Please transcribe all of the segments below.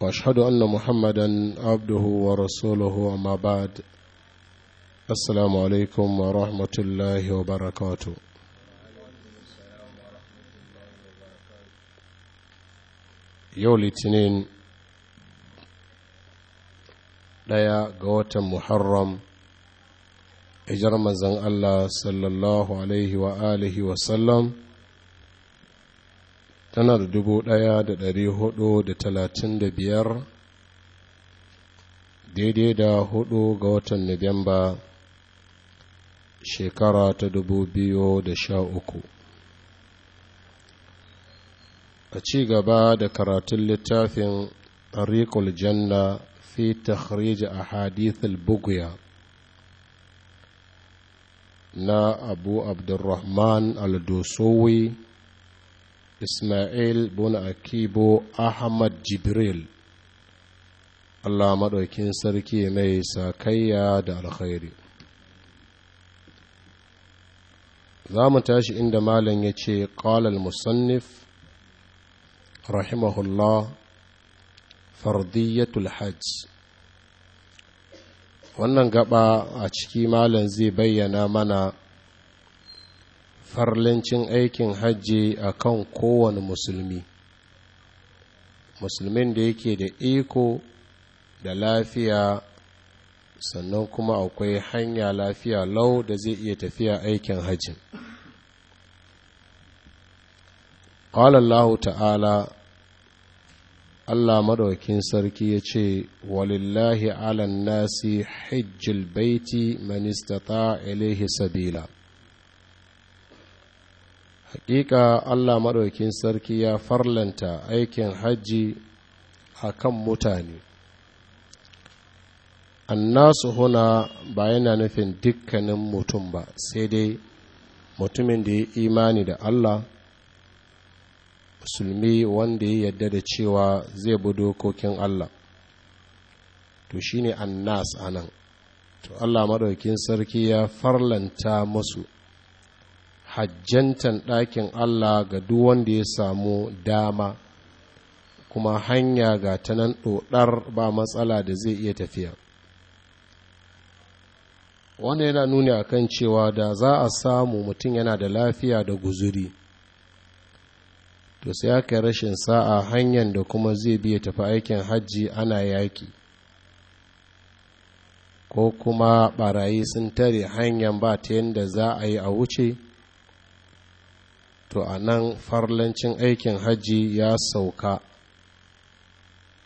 واشهد ان محمدا عبده ورسوله اما بعد السلام عليكم ورحمه الله وبركاته yau litinin ɗaya ga watan muharram ijar manzan allah sallallahu alaihi wa alihi tana da dubu ɗaya da ɗari hudu da talatin da biyar daidai da hudu ga watan Nuwamba shekara ta dubu biyu da sha uku. A ci gaba da karatun littafin Tariqul Janna fi takhrij ahadith al Bugya na Abu Abdurrahman al dusowi ismail bin akibo ahmad jibril allah maɗaukin sarki mai sakayya da alkhairi za mu tashi inda malam ya ce ƙalal musannif rahimahullah fardiyatul hajj wannan gaba a ciki malam zai bayyana mana farlancin aikin hajji a kan kowane musulmi musulmin da yake da iko da lafiya sannan kuma akwai hanya lafiya lau da zai iya tafiya aikin hajjin قال ta'ala Allah الله مدوكين سركي يشي ولله على الناس حج البيت من استطاع إليه سبيلا hakika Allah maɗaukin sarki ya farlanta aikin hajji a kan mutane nasu huna ba yana nufin dukkanin mutum ba sai dai mutumin da ya imani da Allah musulmi wanda ya yadda da cewa zai bi dokokin Allah to shine annas anan to Allah maɗaukin sarki ya farlanta musu hajjantan ɗakin Allah ga duk wanda ya samu dama kuma hanya ga ta nan ɗoɗar ba matsala da zai iya tafiya wanda yana nuni kan cewa da za a samu mutum yana da lafiya da guzuri to sai aka rashin sa'a hanyar da kuma zai biya tafi aikin hajji ana yaki ko kuma barayi sun tare hanyar ba ta yadda za a yi a wuce to a nan farlancin aikin hajji ya sauka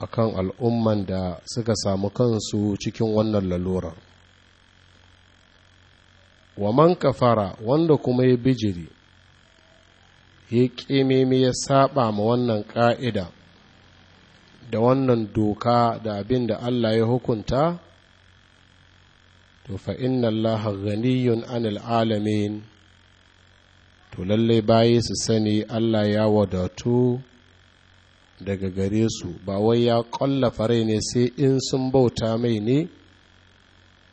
a kan al'umman da suka samu kansu cikin wannan lalura wa man kafara wanda kuma ya bijiri ya ƙememe ya saba ma wannan ƙa'ida da wannan doka da abin da Allah ya hukunta to fa inna Allah ghaniyun anil alamin to lalle bayi su sani Allah ya wadatu daga gare su ba wai ya ƙwallafa rai ne sai in sun bauta mai ne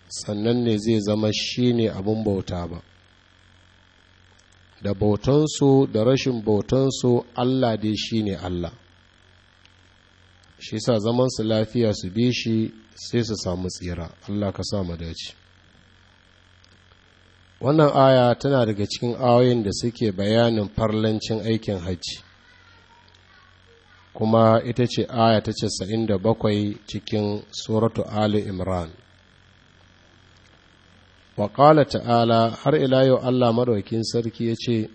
sannan ne zai zama shi ne abin bauta ba da bautansu da rashin bautansu Allah dai shi ne Allah shi sa zamansu lafiya su bi shi sai su samu tsira Allah ka sa mu dace wannan aya tana daga cikin ayoyin da suke bayanin farlancin aikin hajji kuma ita ce aya ta casa'in da bakwai cikin suratu ali imran waƙala ta'ala har ila yau allah maɗaukin sarki ya ce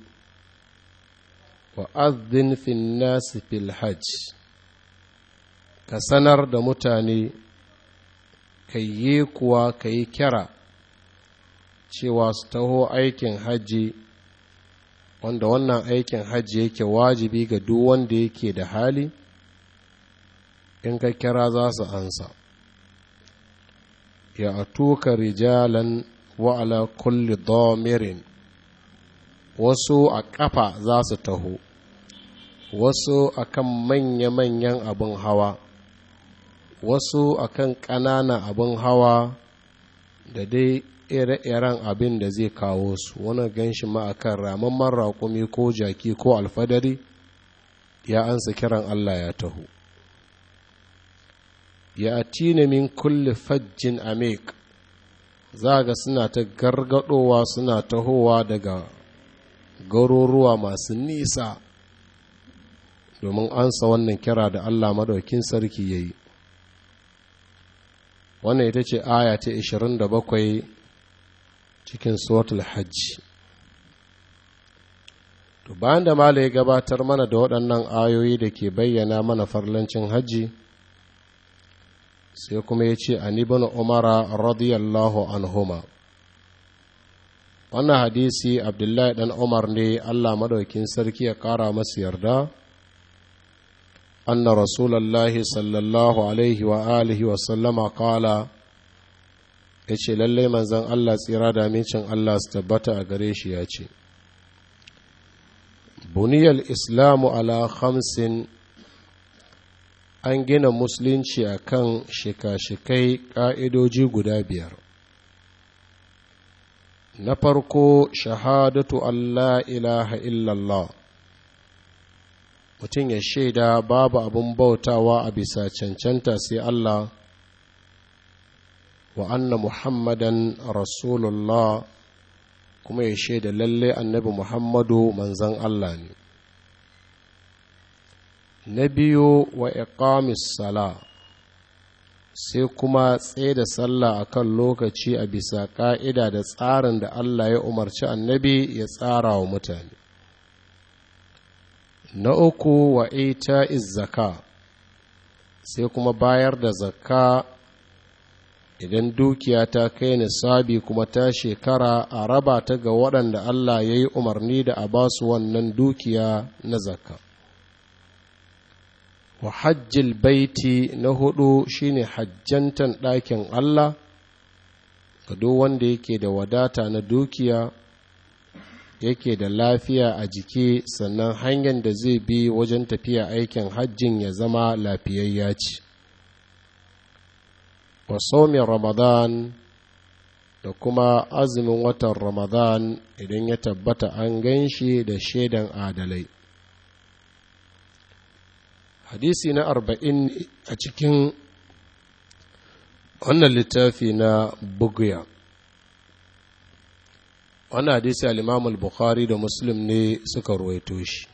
wa'azzin finnasi fil hajj ka sanar da mutane ka yi kuwa ka yi cewa su taho aikin hajji wanda wannan aikin hajji yake wajibi ga duk wanda yake da hali in ka kira za su ansa ya tuka rijalan wa'ala kulli domirin wasu a ƙafa za su taho wasu akan manya-manyan abin hawa wasu akan ƙananan abin hawa da dai ire-iren abin da zai kawo su wani ganshi ma kan ramamman raƙumi ko jaki ko alfadari ya ansa kiran Allah ya taho ya tine min kulle fajjin Amek za ga suna ta gargadowa suna tahowa daga garuruwa masu nisa domin ansa wannan kira da Allah madaukin sarki ya yi wannan ita ce aya ta 27 cikin suratul hajji to bayan da mala gabatar mana da waɗannan ayoyi da ke bayyana mana farlancin hajji sai kuma ya ce an ibn umara radiyallahu anhuma wannan hadisi abdullahi dan umar ne allah madaukin sarki ya ƙara masu yarda anna rasulallahi sallallahu alaihi wa alihi wa sallama kala. ya ce lallai manzan Allah tsira da amincin Allah su tabbata a gare shi ya ce buniyar islamu ala hamsin an gina musulunci a kan shika-shikai ƙa'idoji guda biyar na farko shahadatu Allah ilaha illallah mutum ya shaida babu abin bautawa a bisa cancanta sai Allah wa anna muhammadan rasulullah kuma ya shaida lalle annabi muhammadu manzan allah ne na biyu wa iqamis sala sai kuma tsaye da sallah akan lokaci a bisa ƙa'ida da tsarin da allah ya umarci annabi ya tsara wa mutane na uku wa ita zaka sai kuma bayar da zakka idan dukiya ta kai nisabi kuma ta shekara a raba ta ga waɗanda Allah ya yi umarni da a ba su wannan dukiya na zakka wa hajjil baiti na hudu shine hajjantan ɗakin Allah ga duk wanda yake da wadata na dukiya yake da lafiya a jiki sannan hanyar da zai bi wajen tafiya aikin hajjin ya zama lafiyayya ce wa ramadan da kuma azumin watan ramadan idan ya tabbata an gan shi da shaidan adalai hadisi na arba'in a cikin wannan littafi na bugya wannan hadisi al'imamul bukhari da muslim ne suka ruwaito shi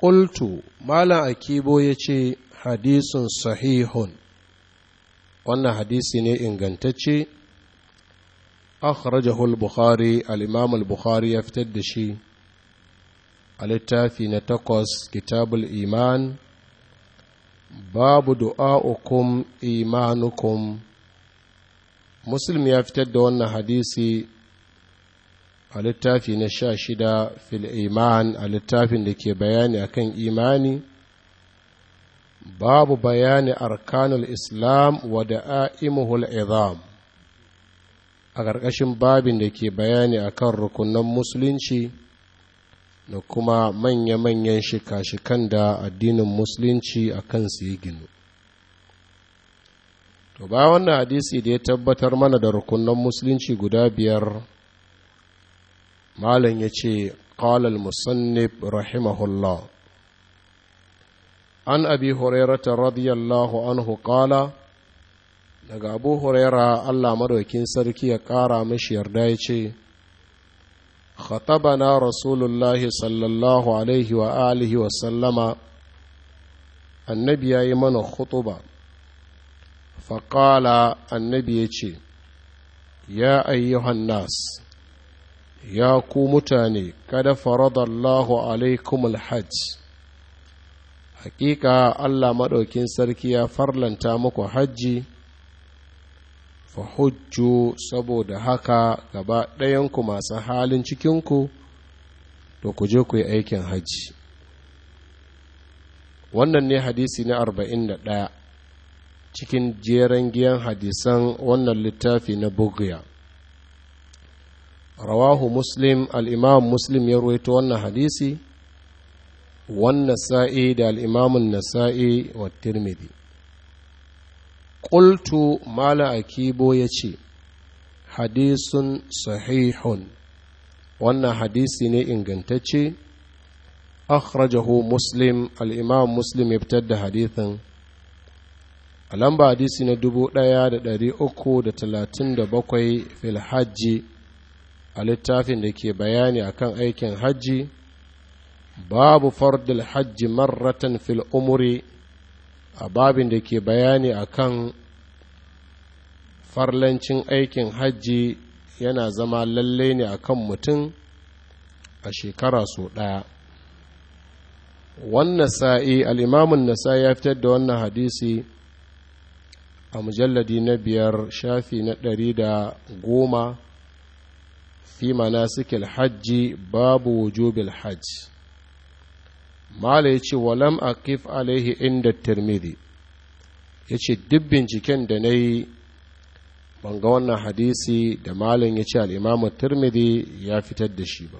ƙultu malam akibo ya ce hadisun sahihun wannan hadisi ne ingantacce akhrajahu al-bukhari al-imam al-bukhari ya fitar da shi a littafi na takwas kitabul iman babu du'a'ukum imanukum muslim ya fitar da wannan hadisi a littafi na sha shida fil iman a littafin da ke bayani akan imani babu bayani arkanul islam wa da'imuhul izam a ƙarƙashin babin da ke bayani akan rukunan musulunci da kuma manya-manyan shika-shikan da addinin musulunci a kansu ya to ba wannan hadisi da ya tabbatar mana da rukunan musulunci guda biyar malam ya ce ƙalal musannif rahimahullah an abi hurairata radiyallahu anhu ƙala. daga abu huraira allah madaukin sarki ya ƙara mashi yarda ya ce khatabana rasulullahi sallallahu alaihi wa alihi wa sallama annabi ya yi mana khutuba faƙala annabi ya ce ya ayyuhan nas ya ku mutane kada faradallahu alaikum alhajj hakika Allah maɗaukin sarki ya farlanta muku hajji fahujju saboda haka gaba ɗayanku masu halin cikinku to ku je ku yi aikin hajji wannan ne hadisi na arba'in da ɗaya cikin jeran giyan hadisan wannan littafi na bugiya rawahu muslim al'imam muslim ya ruwaito wannan hadisi wan Sa'i da al'imamun nasa'i wa Tirmiti. qultu Malam akibo ya ce hadisin sahihun wannan hadisi ne ingantacce akhrajahu muslim al'imam muslim ya fitar da hadithin a lamba hadisi na da bakwai filhajji a littafin da ke bayani akan aikin hajji babu fardul hajji marratan fil umuri a babin da ke bayani akan farlancin aikin hajji yana zama lalle ne akan mutum a shekara so ɗaya wannan sa'i al'imamun nasa ya fitar da wannan hadisi a mujalladi na biyar shafi na ɗari da goma fi manasikil hajji babu wujubil hajji mala ya ce walam akif alaihi inda tirmidhi ya ce duk binciken da na yi ga wannan hadisi da malin ya ce al'imamu tirmidhi ya fitar da shi ba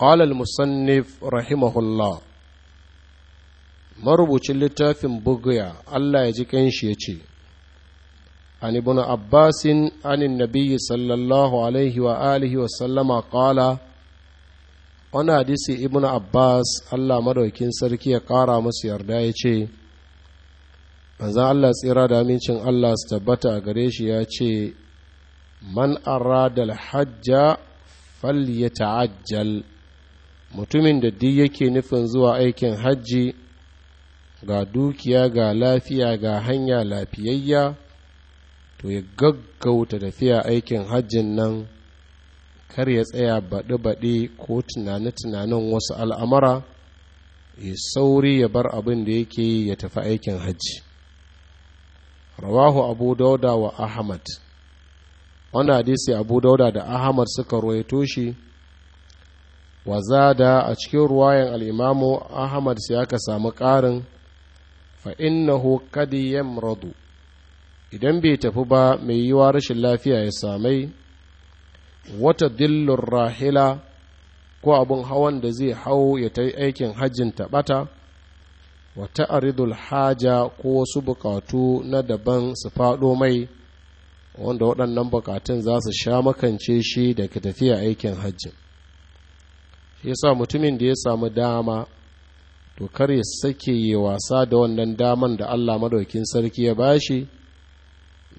قال المصنف رحمه الله marubucin littafin buguya Allah ya ji kanshi ya ce an ibn abbasin anin nabiyyi sallallahu alaihi wa alihi wa sallama qala wani hadisi ibn abbas allah madaukin sarki ya kara masu yarda ya ce manzan allah tsira da amincin allah su tabbata a gare shi ya ce man aradal hajja fal ya ta'ajjal mutumin da duk yake nufin zuwa aikin hajji ga dukiya ga lafiya ga hanya lafiyayya to ya gaggauta tafiya aikin hajjin nan kar ya tsaya baɗe-baɗe ko tunane tunanin wasu al'amara ya sauri ya bar abin da yake yi ya tafi aikin hajji rawahu abu dauda wa ahmad wanda hadisi abu dauda da ahmad suka ruwaito shi wa zada a cikin ruwayan al'imamu ahmad sai aka samu ƙarin fa'innahu kadi yamradu idan bai tafi ba mai yiwa rashin lafiya ya samai wata dillun rahila ko abin hawan da zai hau ya ta yi aikin hajjin taɓata wata aridul haja ko wasu bukatu na daban su faɗo mai wanda waɗannan bukatun za su sha makance shi da ka tafiya aikin hajjin shi yasa mutumin da ya samu dama to kar ya sake yi wasa da wannan daman da allah madaukin sarki ya bashi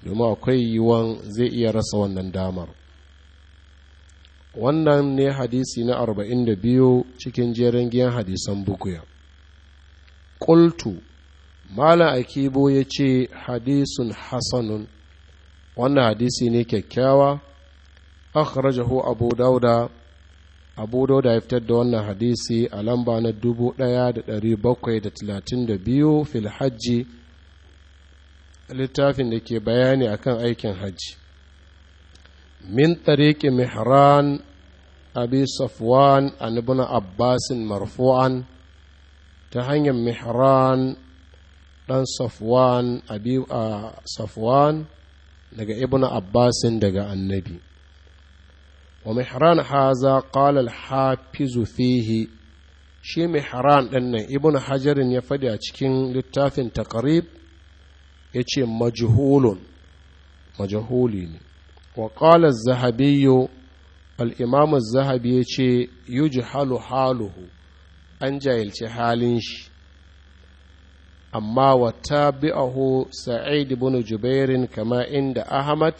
domin akwai yiwuwan zai iya rasa wannan damar wannan ne hadisi na 42 cikin jerin giyan hadisan bukuya ƙultu malam akibo ya ce hadisun hasanun wannan hadisi ne kyakkyawa akhrajahu abu dauda abu dauda ya fitar da wannan hadisi a lamba na 1732 fil hajji littafin da ke bayani akan aikin hajji min tariki mihran abi safwan an ibn abbasin marfu'an ta hanyar mihran ɗan safwan abi a safwan daga ibn abbasin daga annabi wa mihran haza qala al-hafiz fihi shi mihran ɗin nan ibn hajarin ya faɗi a cikin littafin taqrib yace majhulun majhuli ne wa qala az-zahabi ya ce az haluhaluhu haluhu an jahilci halin shi amma wa tabi'ahu sa'id bunu jubairin kama inda ahmad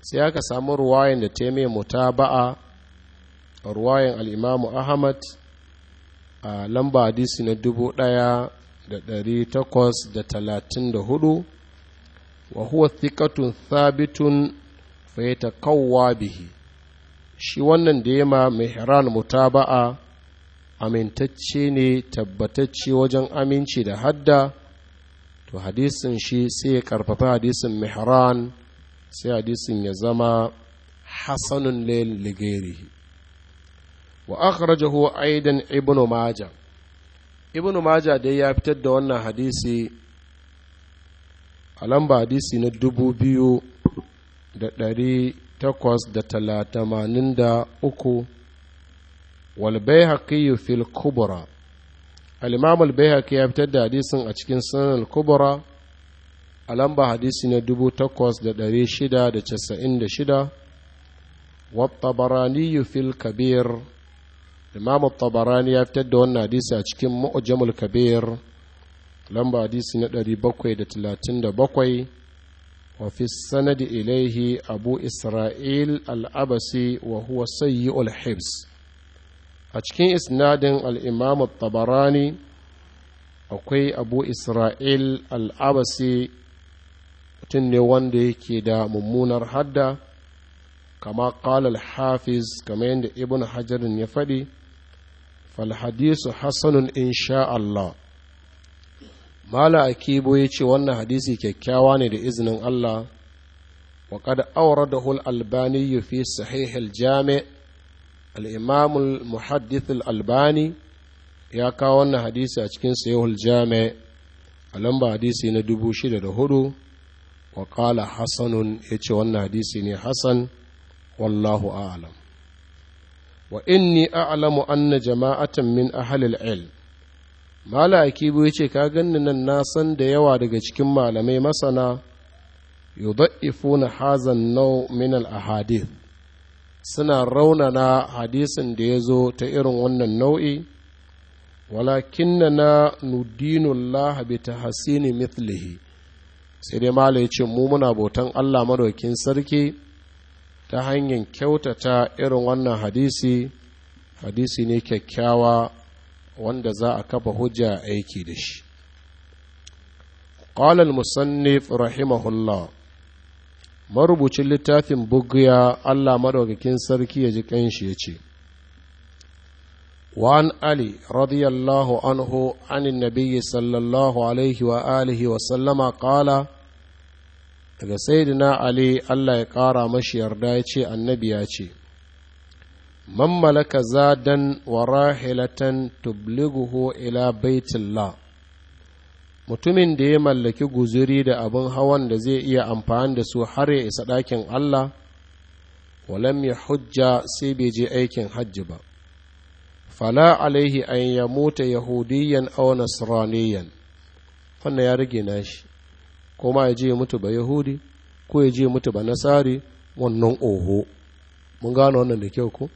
sai aka samu ruwayan da ta mai mutaba'a ruwayan al'imamu ahmad a lamba hadisi na dubu ɗaya da ɗari takwas da talatin da hudu wa huwa thikatun thabitun fa kawwa bihi shi wannan da ya ma mihran mutaba'a amintacce ne tabbatacce wajen aminci da hadda to hadisin shi sai ya karfafa hadisin mihran sai hadisin ya zama hasanun ligairihi wa akhrajahu aidan ibnu maja ibnu maja dai ya fitar da wannan hadisi a lamba hadisi na dubu biyu da ɗari takwas da talatamanin da uku walbai haƙiyu fil kubura al'imam albai ya fitar da hadisin a cikin sanar kubura a lamba hadisi na dubu takwas da ɗari shida da casa'in da shida barani wattabaraniyu fil kabir imam tabarani ya fitar da wannan hadisi a cikin mu'jamul kabir lamba hadisi na ɗari bakwai da talatin da bakwai وفي السند إليه أبو إسرائيل الأبسي وهو سيء الحبس أتكين إسناد الإمام الطبراني أقوي أبو إسرائيل الأبسي تني وندي كدا ممونر حدا كما قال الحافظ كما عند ابن حجر يفدي فالحديث حسن إن شاء الله mala akibo ya ce wannan hadisi kyakkyawa ne da izinin allah wa kad awradahu al-albani fi sahih al-jami' al-imam al-muhaddith al-albani ya kawo wannan hadisi a cikin sahih al-jami' a lamba hadisi na 6004 wa qala hasanun yace wannan hadisi ne hasan wallahu a'lam wa inni a'lamu anna jama'atan min ahli al-ilm mala akibu ya ce ka gani nan na san da yawa daga cikin malamai masana na hazan nau min al'ahadith suna raunana hadisin da ya zo ta irin wannan nau'i walakinna nudinullah bi tahsini mithlihi sai dai mala ya ce mu muna bautan Allah madaukin sarki ta hanyar kyautata irin wannan hadisi hadisi ne kyakkyawa wanda za a kafa hujja aiki da shi قال المصنف رحمه الله marubucin littafin bugiya Allah madaukakin sarki ya ji kanshi ya ce وعن Ali, radiyallahu anhu, عنه عن sallallahu alaihi wa alihi wa sallama قال daga sayyidina ali Allah ya ƙara mashi yarda yace annabi yace ce Mammala malaka zadan wa rahilatan tublighuhu ila baitillah mutumin da ya mallaki guzuri da abin hawan da zai iya amfani da su har ya isa ɗakin Allah walam ya hujja sai bai je aikin hajji ba fala alaihi an ya mota yahudiyan aw nasraniyan wannan ya rage nashi kuma ya je mutu ba yahudi ko ya je mutu ba nasari wannan oho mun gano wannan da kyau ko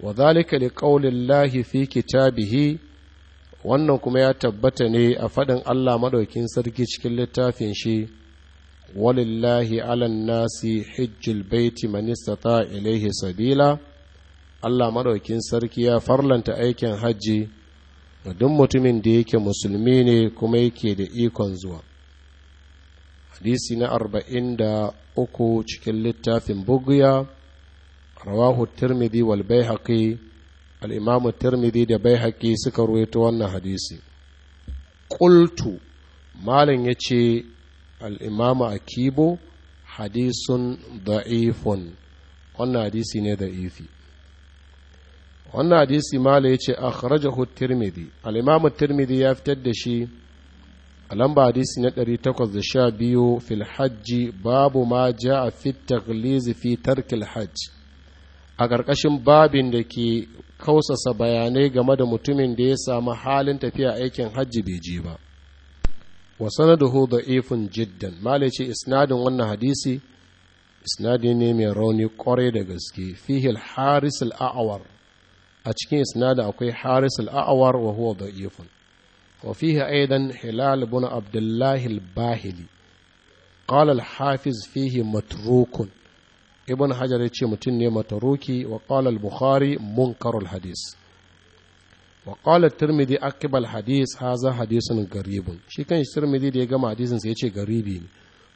wa zalika li qaulillahi fi wannan kuma ya tabbata ne a faɗin Allah madaukin sarki cikin littafin shi walillahi alan nasi hijjil baiti man istata ilaihi sabila Allah madaukin sarki ya farlanta aikin hajji ga duk mutumin da yake musulmi ne kuma yake da ikon zuwa hadisi na arba'in da uku cikin littafin buguya rawahu tirmidhi wal baihaqi al imam tirmidhi da baihaqi suka ruwaito wannan hadisi qultu malam yace al imam akibo hadisun da'ifun wannan hadisi ne da'ifi wannan hadisi mala ya ce a kharajahu tirmidhi al'imamu tirmidhi ya fitar da shi a lamba hadisi na 812 fil hajji babu ma ja a fit taglizi fi tarkil hajj a ƙarƙashin babin da ke kausasa bayanai game da mutumin da ya samu halin tafiya aikin hajji bai je ba wa sanaduhu ifin jiddan malai ce isnadin wannan hadisi isnadi ne mai rauni kwarai da gaske fihil haris al'awar a cikin isnadi akwai haris al'awar wa huwa ifin wa fihi aidan hilal bin abdullahi al-bahili qala al-hafiz fihi matrukun ibn hajar ya ce mutum ne mataruki wa qala al-bukhari munkarul hadis wa qala tirmidhi akibal hadis haza hadisun garibun shi kan shi tirmidhi da ya gama hadisin sai ya ce garibi ne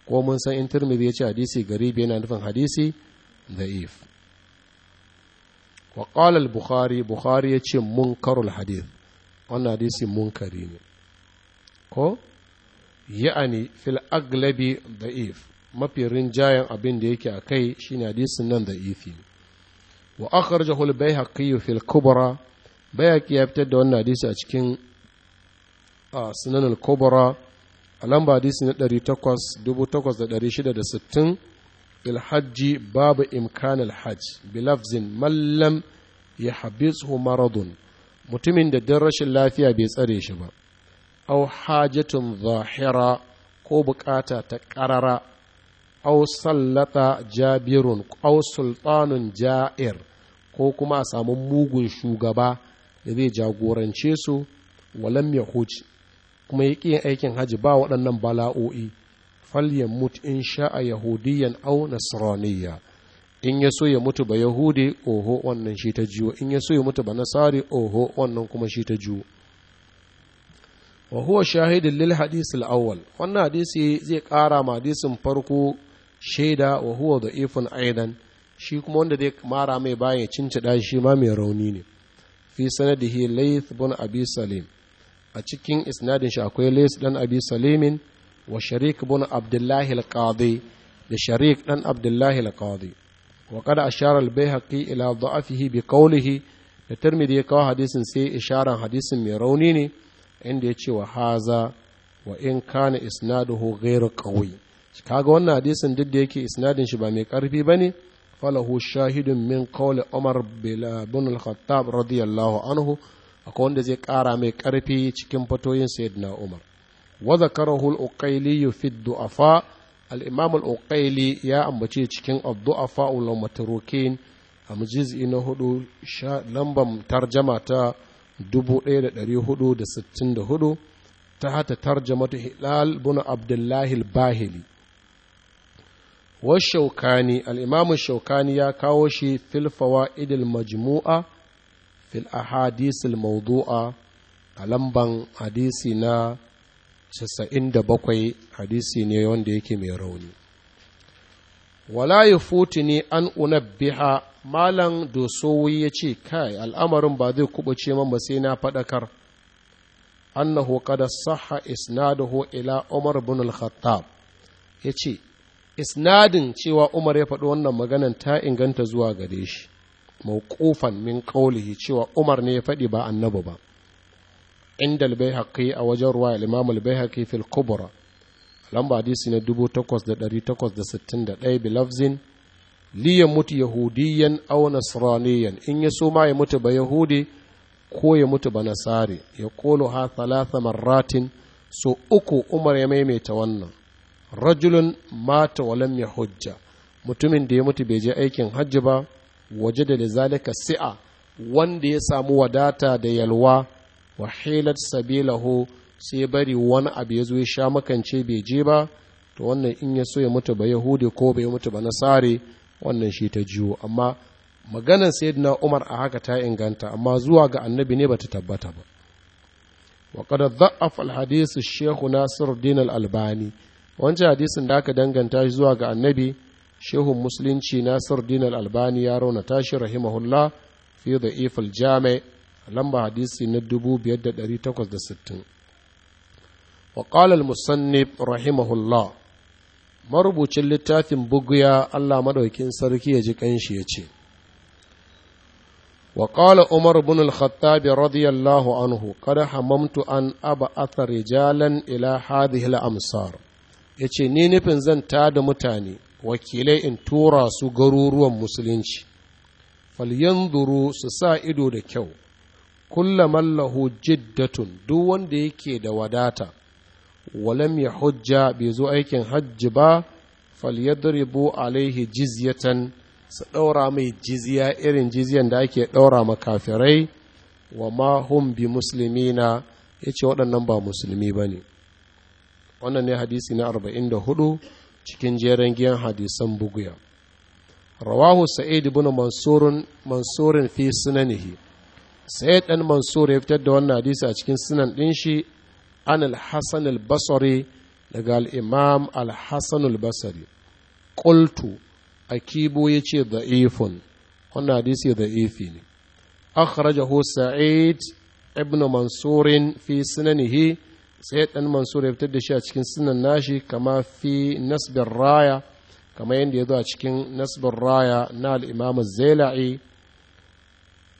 ko mun san in tirmidhi ya ce hadisi garibi yana nufin hadisi da'if wa qala al-bukhari bukhari ya ce munkarul hadis wannan hadisi munkari ne ko ya'ani fil aglabi da'if mafi rinjayen abin da yake a kai shi ne hadisin nan da ifi wa akhrajahu al-baihaqi fil kubra haƙi ya fitar da wannan hadisi a cikin a sunan al-kubra a lamba hadisi na sittin babu Babu hajj الحج بلفظ Mallam ya يحبسه maradun mutumin da don rashin lafiya bai tsare shi ba au hajatun zahira ko bukata ta ƙarara au sallata jabirun au sultanun ja'ir ko kuma a samu mugun shugaba da zai jagorance su walam ya huji kuma ya ƙi aikin haji ba waɗannan bala'o'i falyan mut in sha'a yahudiyan au nasraniya in ya so ya mutu ba yahudi oho wannan shi ta jiwo in ya so ya mutu ba nasari oho wannan kuma shi ta jiwo wa huwa shahidin lil hadisi al-awwal wannan hadisi zai ƙara ma hadisin farko shaida wa huwa da'ifun aidan shi kuma wanda zai mara mai bayan ya cincida shi ma mai rauni ne fi sanadihi layth bin abi salim a cikin isnadin shi akwai layth dan abi salimin wa sharik bin abdullahi al-qadi da sharik dan abdullahi al-qadi wa qad ashara al-baihaqi ila da'afihi bi qawlihi da tirmidhi ya kawo hadisin sai isharan hadisin mai rauni ne inda ya ce wa haza wa in kana isnaduhu ghairu qawi kaga wannan hadisin duk da yake isnadin shi ba mai karfi bane falahu shahidun min qawli Umar bin al-Khattab radiyallahu anhu akwai wanda zai kara mai karfi cikin fatoyin sayyidina Umar wa zakarahu al-Uqayli fi du'afa al-Imam al-Uqayli ya ambace cikin ad-du'afa ul matrukin a mujiz'i na hudu lambar tarjama ta 1464 ta hata ta Hilal bin Abdullahi al-Bahili shaukani al'imamin والشوكاني الإمام الشوكاني يا كاوشي في الفوائد المجموعة maudu'a a lamban ألمبان na casa'in da bakwai hadisi ne wanda yake mai rauni wala ya futi ne an unabbiha malam dosowi ya ce kai al'amarin ba zai kubuce man ba sai na faɗakar annahu qad sahha isnaduhu ila umar bin al-khattab yace isnadin cewa umar ya faɗi wannan maganan ta inganta zuwa gare shi mawqufan min qawlihi cewa umar ne ya faɗi ba annabi ba inda al-baihaqi a wajen ruwa al-imam al-baihaqi fil kubra lamba hadisi na 8861 bilafzin li ya mutu yahudiyan aw nasraniyan in ya so ma ya mutu ba yahudi ko ya mutu ba nasari ya kolo ha thalatha marratin so uku umar ya maimaita wannan rajulun mata walam ya hujja mutumin da ya mutu bai je aikin hajji ba waje da lizalika si'a wanda ya samu wadata da yalwa wa hilat sabilahu sai bari wani abu ya zo ya sha makance bai je ba to wannan in ya so ya mutu ba yahudi ko bai mutu ba nasare wannan shi ta jiwo amma maganar sayyidina umar a haka ta inganta amma zuwa ga annabi ne bata tabbata ba wa qad dha'afa al albani wancan hadisin da aka danganta shi zuwa ga annabi shehun musulunci nasir dinar albani ya rauna tashi rahimahullah fi da ifil jami lamba hadisi na 5860 wa qala al musannif rahimahullah marubucin littafin buguya Allah madaukin sarki ya ji kanshi ya ce وقال عمر بن الخطاب رضي الله عنه قد حممت أن أبعث رجالا إلى هذه الأمصار ya ce ni nufin zan ta da mutane wakilai in tura su garuruwan musulunci falyanzuru su sa ido da kyau kulla mallahu jiddatun duk wanda yake da wadata walam ya hujja bai zo aikin hajji ba falyadribu alaihi jizyatan su ɗaura mai jiziya irin jiziyan da ake ɗaura makafirai wa ma hum bi musulmina ya ce waɗannan ba musulmi ba ne wannan ne hadisi na 44 cikin jeren giyan hadisan buguya rawahu sa'id ibn mansurun mansurun fi sunanihi sa'id ɗan mansur ya fitar da wannan hadisi a cikin sunan ɗin shi an al-hasan basri daga al-imam al-hasan al-basri qultu akibo yace da'ifun wannan hadisi da'ifi ne akhrajahu sa'id ibn mansurin fi sunanihi sai ɗan mansur ya fitar da shi a cikin sunan nashi kama fi nasbin raya kama yadda ya zo a cikin nasbin raya na al'imamu zaila'i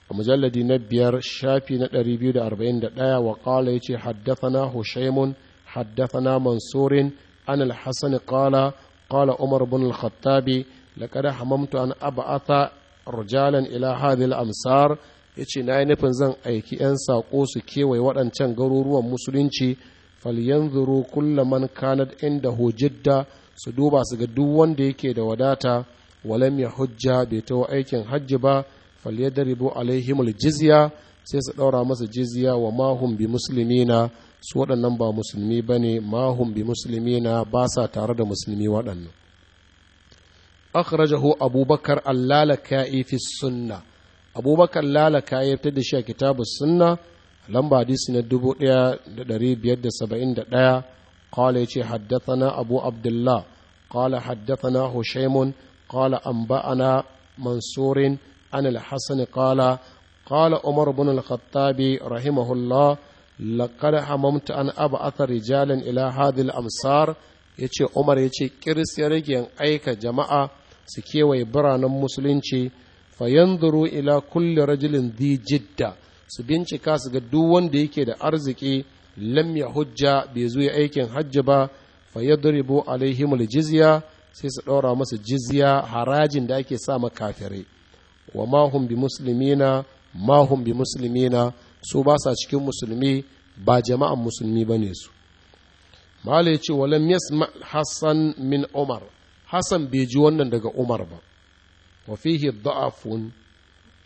a mujalladi na biyar shafi na 241 wa ƙala ya ce haddathana hushaimun haddathana mansurin an alhassani kala ƙala umar bin al-khattabi laƙada hamamtu an aba'ata rijalan ila hadhihi amsar yace nayi na yi nufin zan aiki 'yan saƙo su kewaye waɗancan garuruwan musulunci falyanzuru kulla man kanat indahu jidda su duba su ga duk wanda yake da wadata walam ya hujja bai ta aikin hajji ba falyadribu alaihimul jizya sai su daura masa jizya wa mahum bi muslimina su waɗannan ba musulmi bane mahum bi muslimina ba sa tare da musulmi waɗannan akhrajahu abubakar allalaka'i fi sunna abubakar lalaka ya fitar da shi a kitabu sunna lamba hadisi na 1571 qala yace haddathana abu abdullah qala haddathana hushaymun qala anba'ana mansurin an al-hasan umar قال عمر بن الخطاب رحمه الله لقد هممت أن أبعث رجالا إلى هذه الأمصار yace Umar yace kiris ya rage yan aika jama'a su kewaye biranen musulunci fa yanzuru ila kulli rajulin dhi jidda su bincika su ga duk wanda yake da arziki lam ya hujja bai zo aikin hajji ba fa yadribu alaihim aljizya sai su ɗaura masa jizya harajin da ake sa kafire. wa ma hum bi muslimina ma hum bi muslimina su ba sa cikin musulmi ba jama'an musulmi bane su malai ce wa lam yasma hassan min umar hassan bai ji wannan daga umar ba wa fihi da'afun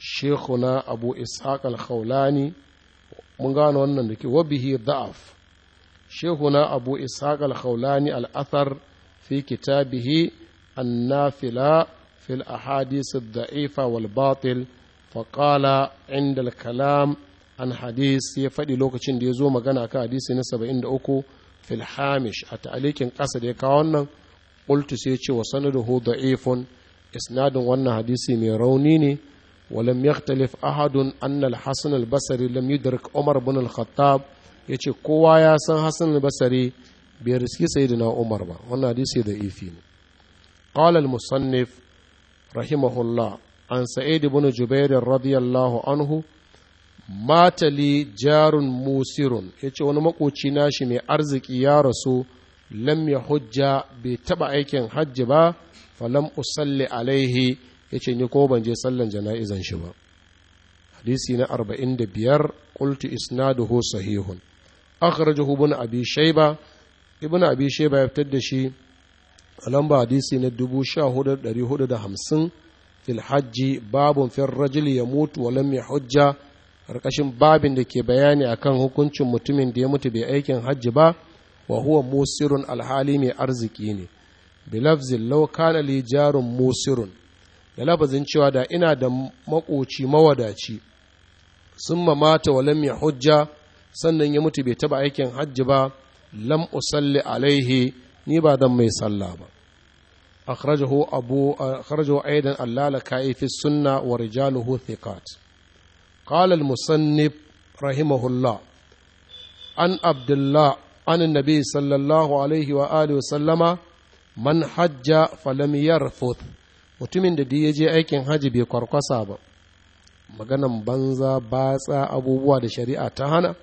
shekuna abu ishaq al-khawlani mun gane wannan da ke wabihi da'af shekuna abu ishaq al-khawlani al-athar fi kitabihi annafila fil ahadis ad-da'ifa wal batil faqala inda al-kalam an hadis ya faɗi lokacin da ya zo magana kan hadisi na 73 fil hamish a ta'alikin ƙasa da ya kawo wannan qultu sai ya ce wa sanaduhu da'ifun isnadin wannan hadisi mai rauni ne ولم يختلف أحد أن الحسن البصري لم يدرك عمر بن الخطاب yace kowa ya san Hassan Basari basri bai riski sayyidina Umar ba wannan hadisi da ifi ne qala al-musannif rahimahullah an sa'id ibn jubair radiyallahu anhu mata li jarun musirun yace wani makoci shi mai arziki ya rasu lam ya hujja bai taɓa aikin hajji ba falam usalli alaihi ya ce ni ko ban je sallan jana'izan shi ba hadisi na arba'in da biyar qultu isnaduhu sahihun akhrajahu ibn abi shayba ibn abi shayba ya fitar da shi a lamba hadisi na 14450 fil hajji babun fil rajuli ya mutu wa lam yahujja karkashin babin da ke bayani akan hukuncin mutumin da ya mutu bai aikin hajji ba wa huwa musirun alhali mai arziki ne bilafzin law kana li jarun musirun da lafazin cewa da ina da makoci mawadaci sun mamata wa lam hujja sannan ya mutu bai taba aikin hajji ba lam usalli alaihi ni ba dan mai sallah ba akhrajahu abu akhrajahu aidan allalaka'i fi sunna wa rijaluhu thiqat qala al-musannif rahimahullah an abdullah an annabi sallallahu alaihi wa alihi wa sallama man hajja falam yarfuth mutumin da ya je aikin haji bai kwarkwasa ba maganan banza batsa abubuwa da shari'a ta hana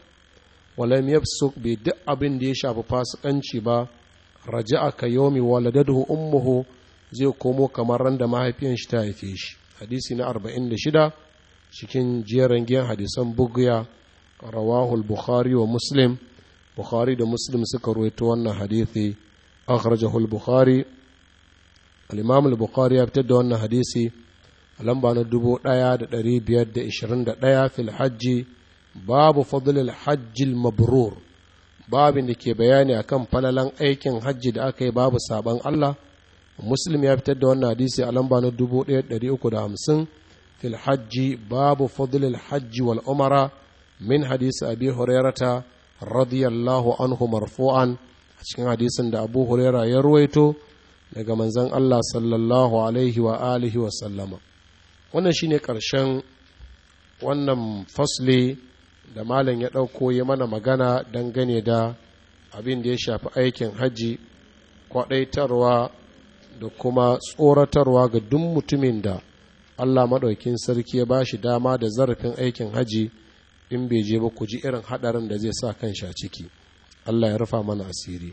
walam yafsuk bai duk abin da ya shafi fasikanci ba raja'a ka yomi waladadhu ummuhu zai komo kamar ran da mahaifiyan shi ta haife shi hadisi na 46 cikin jerin giyan hadisan bugiya rawahul bukhari wa muslim bukhari da muslim suka ruwaito wannan hadisi akhrajahu al-bukhari al-imam al-bukhari ya fitar da wannan hadisi a lamba na 1521 fil hajji babu fadlil mabrur babu da ke bayani akan falalan aikin hajji da aka yi babu saban Allah muslim ya fitar da wannan hadisi a lamba na 1350 fil hajji babu fadlil hajji wal umara min hadisi abi hurairata radiyallahu anhu marfu'an a cikin hadisin da abu huraira ya ruwaito daga manzan Allah sallallahu alaihi wa alihi wa sallama wannan shine ƙarshen wannan fasli da malam ya ɗauko ya mana magana dangane da abin da ya shafi aikin hajji kwaɗaitarwa da kuma tsoratarwa ga duk mutumin da Allah maɗaukin sarki ya ba shi dama da zarafin aikin hajji in bai je ba ku ji irin haɗarin da zai sa kan sha ciki Allah ya rufa mana asiri